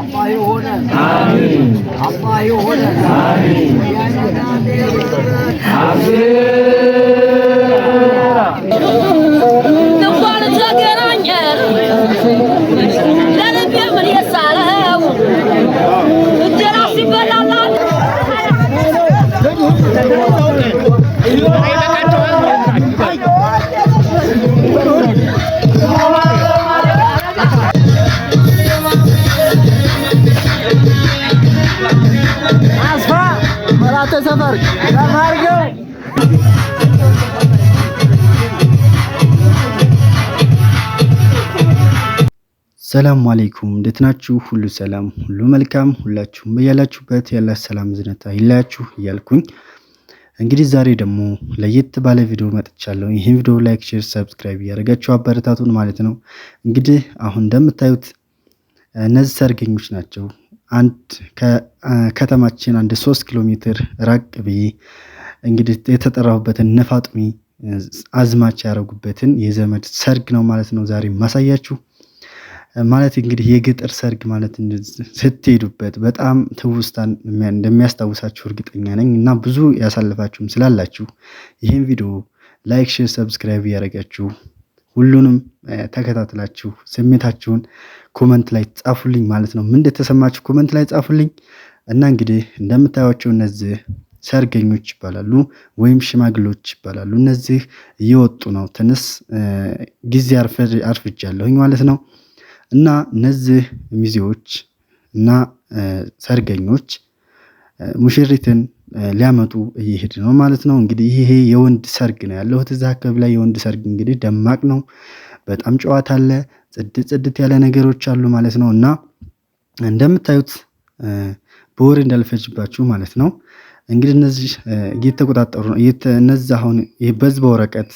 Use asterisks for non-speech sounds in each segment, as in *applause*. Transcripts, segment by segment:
አባ የሆነ አሜን። አባ የሆነ ሰላም አለይኩም እንዴት ናችሁ? ሁሉ ሰላም፣ ሁሉ መልካም፣ ሁላችሁም በያላችሁበት ያለ ሰላም ዝነታ ይለያችሁ እያልኩኝ እንግዲህ ዛሬ ደግሞ ለየት ባለ ቪዲዮ መጥቻለሁ። ይህን ቪዲዮ ላይክ፣ ሼር፣ ሰብስክራይብ እያደረጋችሁ አበረታቱን ማለት ነው። እንግዲህ አሁን እንደምታዩት እነዚህ ሰርገኞች ናቸው። አንድ ከተማችን አንድ ሶስት ኪሎ ሜትር ራቅ ብዬ እንግዲህ የተጠራሁበትን ነፋጥሚ አዝማች ያደረጉበትን የዘመድ ሰርግ ነው ማለት ነው ዛሬ ማሳያችሁ ማለት እንግዲህ የገጠር ሰርግ ማለት ስትሄዱበት በጣም ትውስታን እንደሚያስታውሳችሁ እርግጠኛ ነኝ እና ብዙ ያሳለፋችሁም ስላላችሁ ይህን ቪዲዮ ላይክ፣ ሼር፣ ሰብስክራይብ እያደረጋችሁ ሁሉንም ተከታትላችሁ ስሜታችሁን ኮመንት ላይ ጻፉልኝ ማለት ነው። ምን እንደተሰማችሁ ኮመንት ላይ ጻፉልኝ እና እንግዲህ እንደምታዩቸው እነዚህ ሰርገኞች ይባላሉ ወይም ሽማግሎች ይባላሉ። እነዚህ እየወጡ ነው። ትንስ ጊዜ አርፍጃለሁኝ ማለት ነው። እና እነዚህ ሚዜዎች እና ሰርገኞች ሙሽሪትን ሊያመጡ እየሄድ ነው ማለት ነው። እንግዲህ ይሄ የወንድ ሰርግ ነው ያለሁት እዚ አካባቢ ላይ የወንድ ሰርግ እንግዲህ ደማቅ ነው። በጣም ጨዋታ አለ ጽድት ጽድት ያለ ነገሮች አሉ ማለት ነው። እና እንደምታዩት በወሬ እንዳልፈጅባችሁ ማለት ነው። እንግዲህ እነዚህ እየተቆጣጠሩ ነው እነዚህ አሁን በዝበ ወረቀት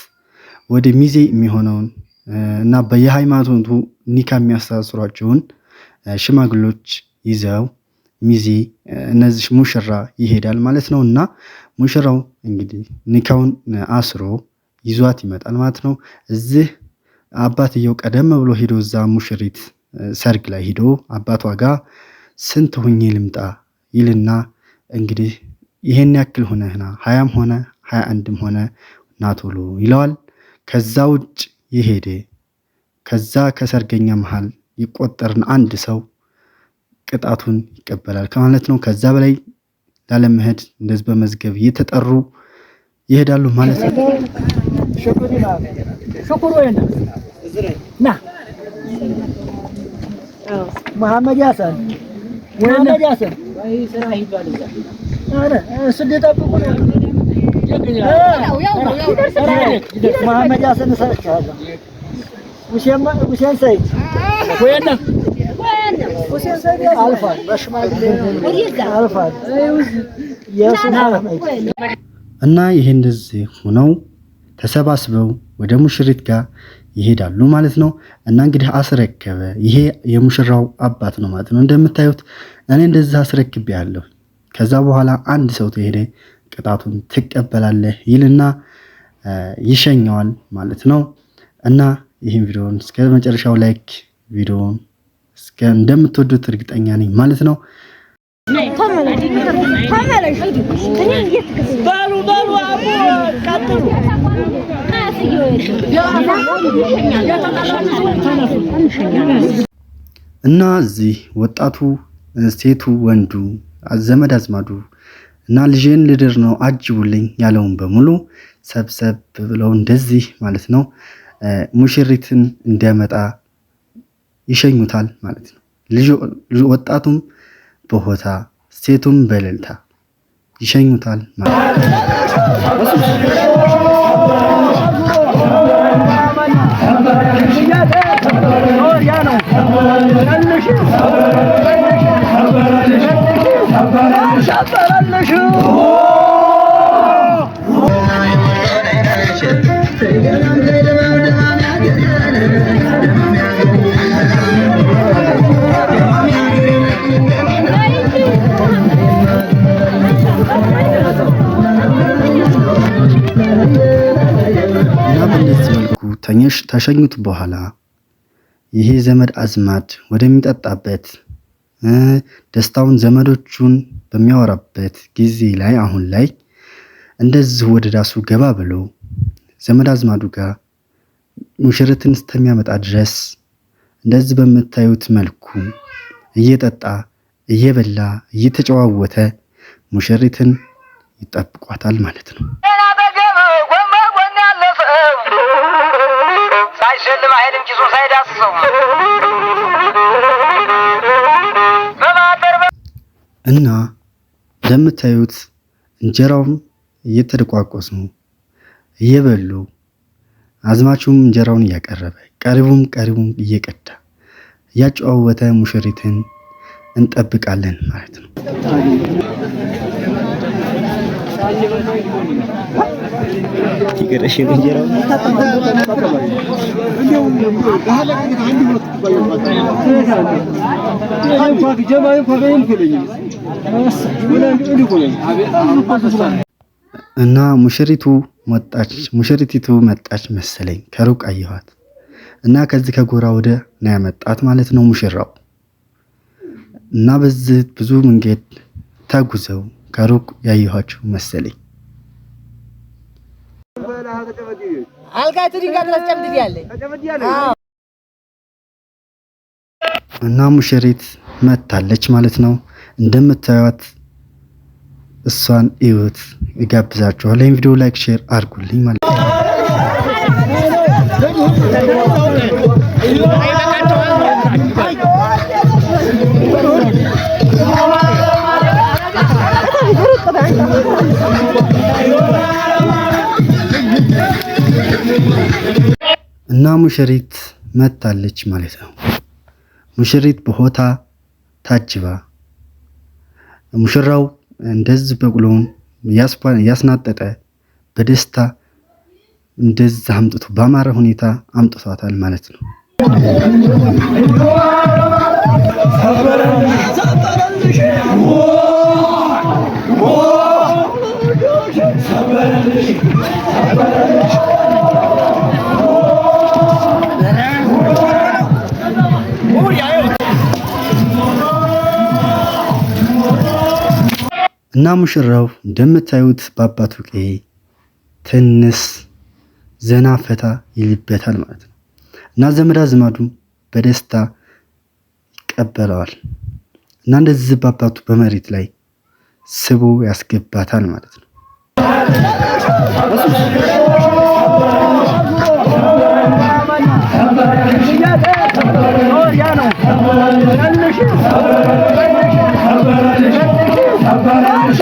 ወደ ሚዜ የሚሆነውን እና በየሃይማኖቱ ኒካ የሚያስተሳስሯቸውን ሽማግሎች ይዘው ሚዜ እነዚህ ሙሽራ ይሄዳል ማለት ነው። እና ሙሽራው እንግዲህ ኒካውን አስሮ ይዟት ይመጣል ማለት ነው። እዚህ አባትየው ቀደም ብሎ ሄዶ እዛ ሙሽሪት ሰርግ ላይ ሄዶ አባቷ ጋር ስንት ሁኜ ልምጣ ይልና እንግዲህ ይሄን ያክል ሆነህና ሀያም ሆነ ሀያ አንድም ሆነ ናቶሎ ይለዋል። ከዛ ውጭ የሄደ ከዛ ከሰርገኛ መሃል ይቆጠርን አንድ ሰው ቅጣቱን ይቀበላል ከማለት ነው። ከዛ በላይ ላለመሄድ እንደዚህ በመዝገብ እየተጠሩ ይሄዳሉ ማለት ነው። መሐመድ ያሰን መሐመድ ያሰን መሐመድ ሁሴን ሰይድ እና ይሄ እንደዚህ ሆነው ተሰባስበው ወደ ሙሽሪት ጋር ይሄዳሉ ማለት ነው። እና እንግዲህ አስረከበ። ይሄ የሙሽራው አባት ነው ማለት ነው። እንደምታዩት እኔ እንደዚህ አስረክቤ ያለሁ። ከዛ በኋላ አንድ ሰው ተሄደ ቅጣቱን ትቀበላለህ ይልና ይሸኘዋል ማለት ነው። እና ይህን ቪዲዮን እስከ መጨረሻው ላይክ ቪዲዮን እንደምትወዱት እርግጠኛ ነኝ ማለት ነው። እና እዚህ ወጣቱ፣ ሴቱ፣ ወንዱ፣ ዘመድ አዝማዱ እና ልጄን ልድር ነው አጅቡልኝ ያለውን በሙሉ ሰብሰብ ብለው እንደዚህ ማለት ነው ሙሽሪትን እንዲያመጣ ይሸኙታል ማለት ነው። ወጣቱም በሆታ ሴቱም በልልታ ይሸኙታል ማለት ነው። ተሸኙት በኋላ ይሄ ዘመድ አዝማድ ወደሚጠጣበት ደስታውን ዘመዶቹን በሚያወራበት ጊዜ ላይ አሁን ላይ እንደዚህ ወደ ዳሱ ገባ ብሎ ዘመድ አዝማዱ ጋር ሙሽርትን እስከሚያመጣ ድረስ እንደዚህ በምታዩት መልኩ እየጠጣ እየበላ እየተጨዋወተ ሙሽሪትን ይጠብቋታል ማለት ነው። አይደለም አይሄድም ኪሱን ሳይዳስሰው እና እንደምታዩት እንጀራውም እየተደቋቆሱ እየበሉ አዝማቹም እንጀራውን እያቀረበ ቀሪቡም ቀሪቡም እየቀዳ እያጨዋወተ ሙሽሪትን እንጠብቃለን ማለት ነው። ይገረሽ እንጀራው እና ሙሽሪቱ መጣች፣ ሙሽሪቲቱ መጣች መሰለኝ ከሩቅ አየኋት እና ከዚህ ከጎራ ወደ ነው ያመጣት ማለት ነው ሙሽራው እና በዚህ ብዙ መንገድ ተጉዘው ከሩቅ ያየኋቸው መሰለኝ። አልጋችሁ ድንጋይ እና ሙሽሪት መታለች ማለት ነው። እንደምታዩት እሷን እዩት፣ ይጋብዛችኋል። ይህን ቪዲዮ ላይክ፣ ሼር አድርጉልኝ ማለት ነው። እና ሙሽሪት መታለች ማለት ነው። ሙሽሪት በሆታ ታጅባ ሙሽራው እንደዚህ በቅሎውን ያስናጠጠ በደስታ እንደዚህ አምጥቶ በአማረ ሁኔታ አምጥቷታል ማለት ነው። ሰበረን እና ሙሽራው እንደምታዩት በአባቱ ቄ ትንስ ዘና ፈታ ይልበታል ማለት ነው። እና ዘመድ አዝማዱ በደስታ ይቀበለዋል እና እንደዚህ በአባቱ በመሬት ላይ ስቦ ያስገባታል ማለት ነው።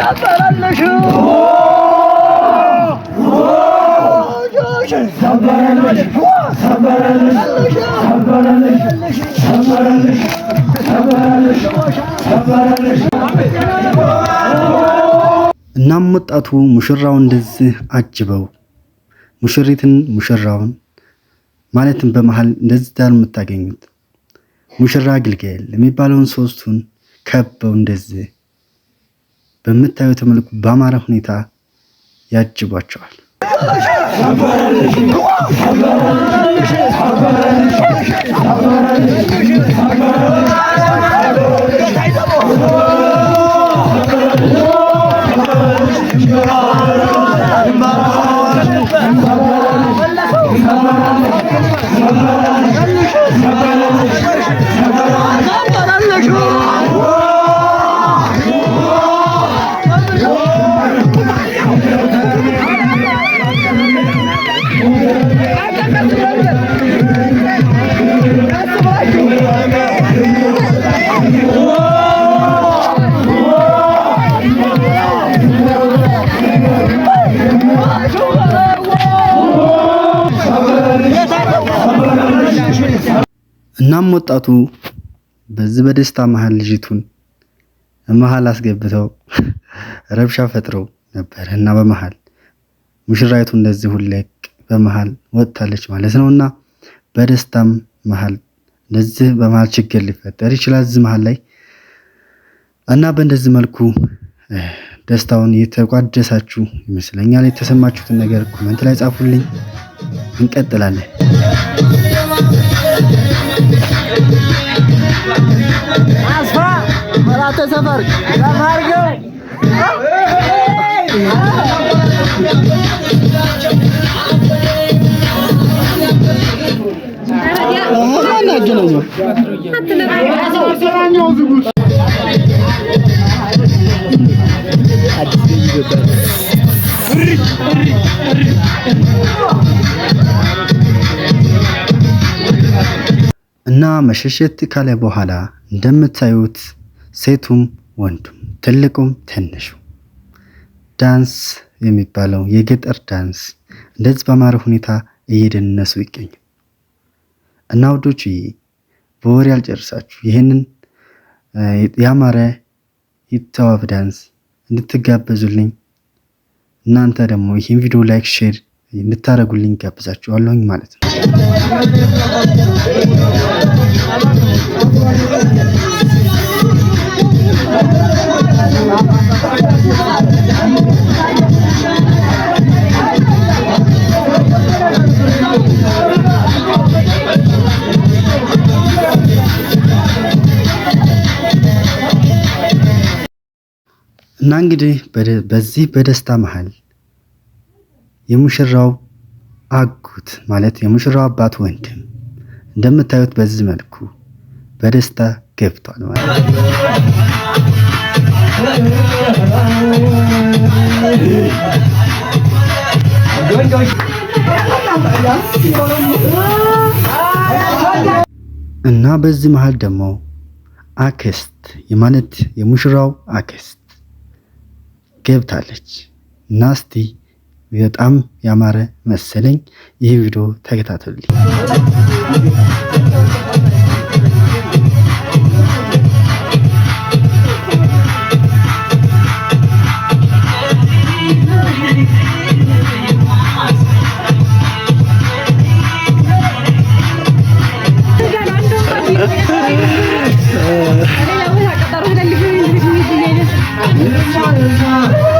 እናም ወጣቱ ሙሽራውን እንደዚህ አጅበው ሙሽሪትን ሙሽራውን ማለትም በመሀል እንደዚህ ዳር የምታገኙት ሙሽራ ግልገል የሚባለውን ሶስቱን ከበው እንደዚህ በምታዩት መልኩ በአማረ ሁኔታ ያጅቧቸዋል። እናም ወጣቱ በዚህ በደስታ መሃል ልጅቱን መሃል አስገብተው *laughs* ረብሻ ፈጥረው ነበር እና በመሃል ሙሽራይቱ እንደዚህ ሁለቅ በመሃል ወጥታለች ማለት ነው እና በደስታም መሃል እንደዚህ በመሃል ችግር ሊፈጠር ይችላል እዚህ መሃል ላይ እና በእንደዚህ መልኩ ደስታውን የተቋደሳችሁ ይመስለኛል። የተሰማችሁትን ነገር ኮመንት ላይ ጻፉልኝ። እንቀጥላለን። እናንተ ሰፈር እና መሸሸት ካለ በኋላ እንደምታዩት ሴቱም ወንዱም ትልቁም ትንሹ ዳንስ የሚባለው የገጠር ዳንስ እንደዚህ በማረ ሁኔታ እየደነሱ ይገኙ እና ውዶች፣ በወሬ አልጨርሳችሁ ይህንን ያማረ የተዋበ ዳንስ እንድትጋበዙልኝ እናንተ ደግሞ ይህን ቪዲዮ ላይክ፣ ሼር እንድታደረጉልኝ ጋብዛችኋለሁኝ ማለት ነው። እና እንግዲህ በዚህ በደስታ መሃል የሙሽራው አጎት ማለት የሙሽራው አባት ወንድም እንደምታዩት በዚህ መልኩ በደስታ ገብቷል ማለት ነው። እና በዚህ መሀል ደግሞ አክስት የማለት የሙሽራው አክስት ገብታለች። እና በጣም ያማረ መሰለኝ። ይህ ቪዲዮ ተከታተሉልኝ። 人少人他。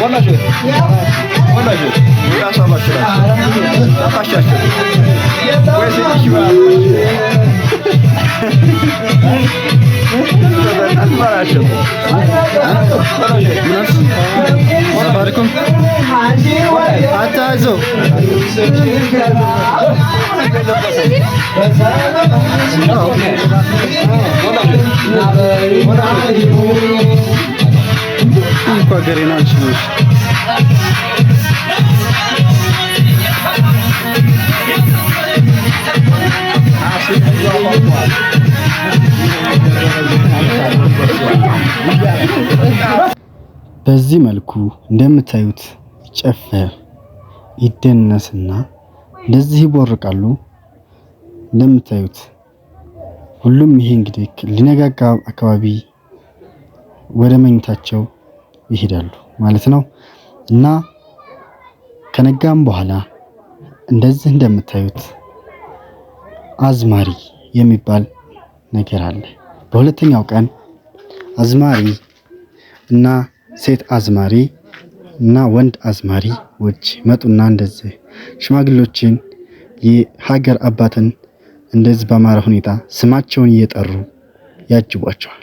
ወላጆች ወላጆች ራሳባችሁ ታጣሻችሁ ወይስ ሰላምአለይኩም አታዞ Thank you. እነዚህ እኮ ሀገሬ ናቸው። በዚህ መልኩ እንደምታዩት ይጨፈር ይደነስና እንደዚህ ይቦርቃሉ። እንደምታዩት ሁሉም ይሄ እንግዲህ ሊነጋጋ አካባቢ ወደ መኝታቸው ይሄዳሉ ማለት ነው። እና ከነጋም በኋላ እንደዚህ እንደምታዩት አዝማሪ የሚባል ነገር አለ። በሁለተኛው ቀን አዝማሪ እና ሴት አዝማሪ እና ወንድ አዝማሪዎች መጡና እንደዚህ ሽማግሌዎችን የሀገር አባትን እንደዚህ በአማረ ሁኔታ ስማቸውን እየጠሩ ያጅቧቸዋል።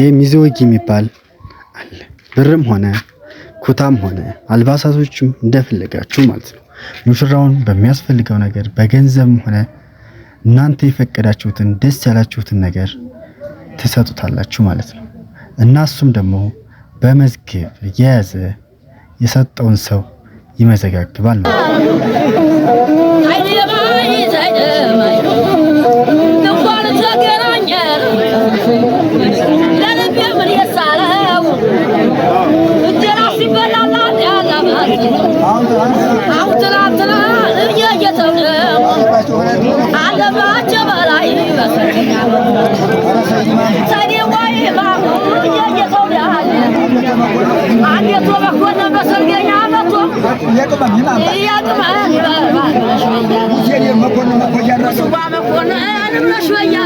ይህ ሚዘወጊ የሚባል አለ። ብርም ሆነ ኩታም ሆነ አልባሳቶችም እንደፈለጋችሁ ማለት ነው። ሙሽራውን በሚያስፈልገው ነገር በገንዘብም ሆነ እናንተ የፈቀዳችሁትን ደስ ያላችሁትን ነገር ትሰጡታላችሁ ማለት ነው። እና እሱም ደግሞ በመዝገብ የያዘ የሰጠውን ሰው ይመዘጋግባል ማለት ነው። የቅመም ይማምጣ የቅመም ይማምጣ መኮንን መኮያ ነው ሱባ መኮንን እኔ መሽወኛ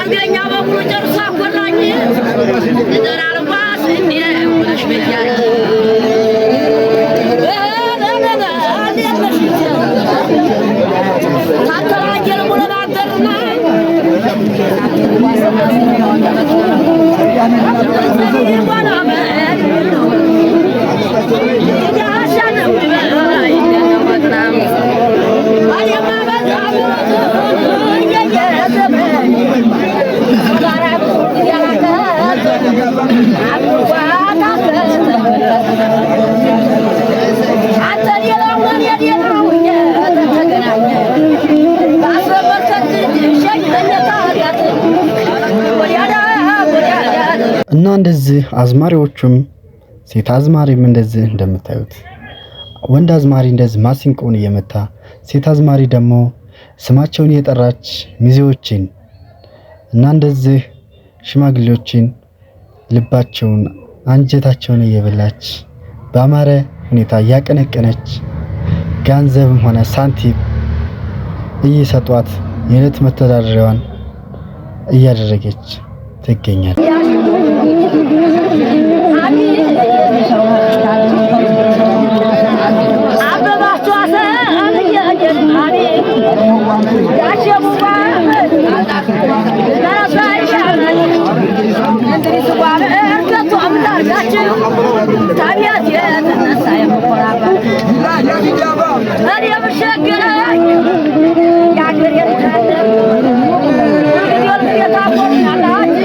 አንደኛ በኩል ጨርሶ አኮላኝ ይጠራልባት እንዲህ መሽወኛ እንደዚህ አዝማሪዎቹም ሴት አዝማሪም እንደዚህ እንደምታዩት ወንድ አዝማሪ እንደዚህ ማሲንቆን እየመታ ሴት አዝማሪ ደግሞ ስማቸውን የጠራች ሚዜዎችን እና እንደዚህ ሽማግሌዎችን ልባቸውን አንጀታቸውን እየበላች በአማረ ሁኔታ እያቀነቀነች ገንዘብም ሆነ ሳንቲም እየሰጧት የዕለት መተዳደሪያዋን እያደረገች ትገኛለች። ታዲያት የተነሳ የመቆራበር እኔ ብሸገረኝ የአገር ታጎርሰኛለህ ታጎርሰኛለህ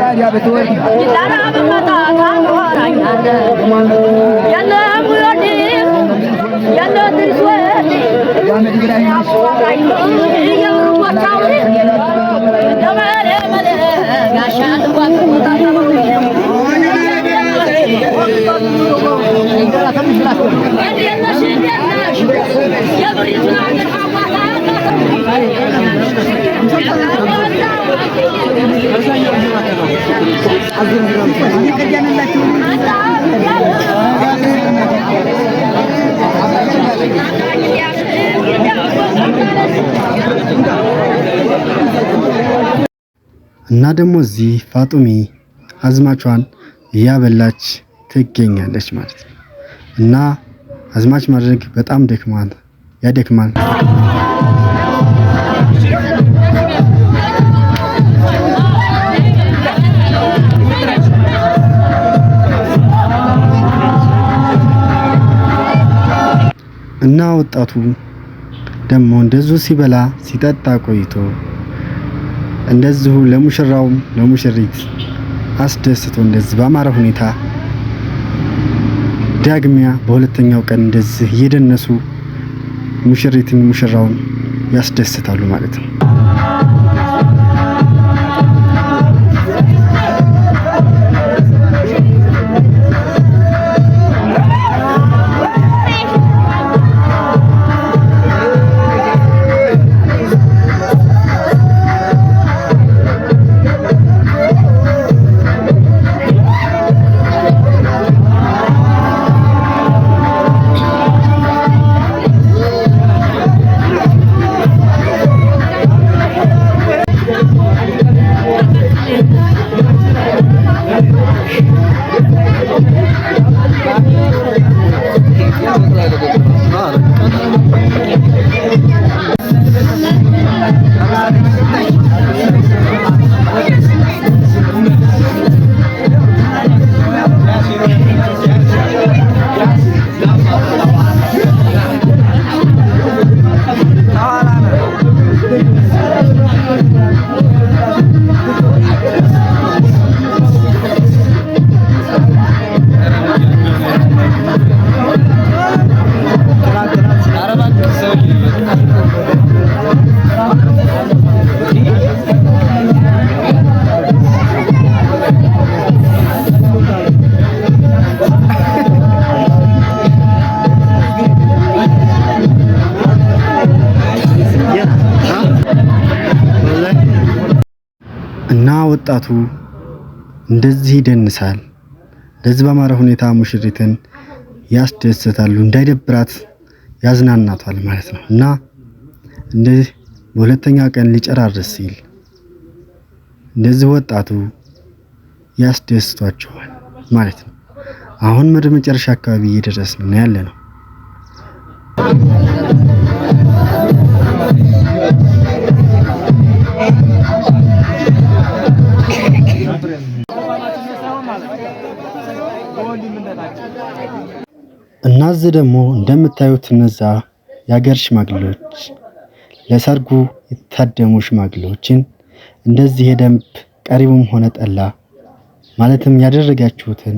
ታዲያ ብትወድ ይላራ በመጣ يا እና ደግሞ እዚህ ፋጡሚ አዝማቿን እያበላች ትገኛለች ማለት ነው። እና አዝማች ማድረግ በጣም ደክማል፣ ያደክማል። እና ወጣቱ ደግሞ እንደዙ ሲበላ ሲጠጣ ቆይቶ እንደዚሁ ለሙሽራውም ለሙሽሪት አስደስቶ እንደዚህ በአማረ ሁኔታ ዳግሚያ በሁለተኛው ቀን እንደዚህ እየደነሱ ሙሽሪትን ሙሽራውን ያስደስታሉ ማለት ነው። ወጣቱ እንደዚህ ይደንሳል፣ እንደዚህ በአማረ ሁኔታ ሙሽሪትን ያስደስታሉ፣ እንዳይደብራት ያዝናናቷል ማለት ነው እና እንደዚህ በሁለተኛ ቀን ሊጨራርስ ሲል እንደዚህ ወጣቱ ያስደስቷቸዋል ማለት ነው። አሁን ወደ መጨረሻ አካባቢ እየደረስን ነው ያለ ነው። ናዝ ደግሞ እንደምታዩት እነዛ የሀገር ሽማግሌዎች ለሰርጉ የታደሙ ሽማግሌዎችን እንደዚህ የደንብ ቀሪቡም ሆነ ጠላ ማለትም ያደረጋችሁትን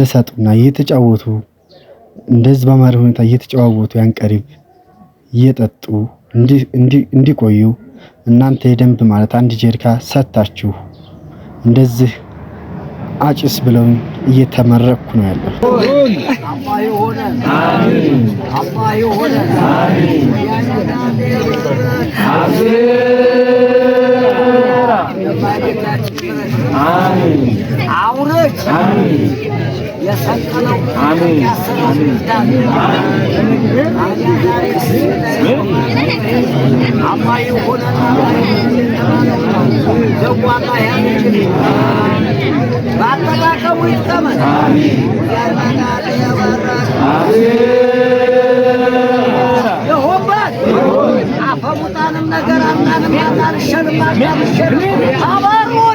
ተሰጡና እየተጫወቱ እንደዚህ በማሪ ሁኔታ እየተጨዋወቱ ያን ቀሪብ እየጠጡ እንዲቆዩ እናንተ የደንብ ማለት አንድ ጀሪካ ሰታችሁ እንደዚህ አጭስ ብለው እየተመረኩ ነው ያለው። የሰቀለው አባይ ሆነ ዘዋቃ አፈሙጣንም ነገር አምናንም ያናልሸንም አናልሸንም አባሮች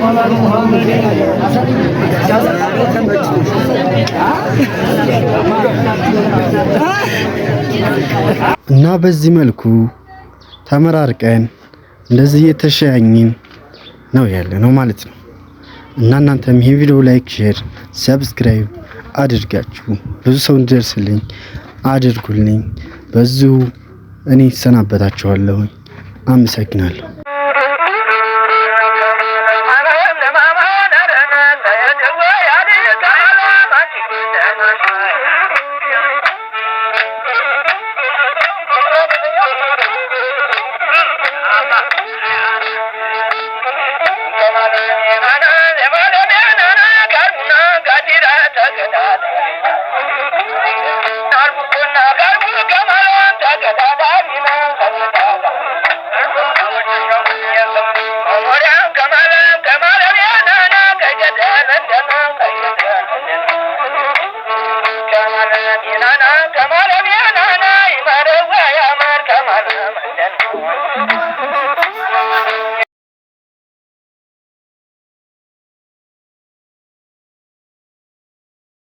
እና በዚህ መልኩ ተመራርቀን እንደዚህ እየተሸያኝን ነው ያለ ነው ማለት ነው። እና እናንተም ይሄ ቪዲዮ ላይክ፣ ሼር፣ ሰብስክራይብ አድርጋችሁ ብዙ ሰው እንዲደርስልኝ አድርጉልኝ። በዚሁ እኔ እሰናበታችኋለሁ። አመሰግናለሁ።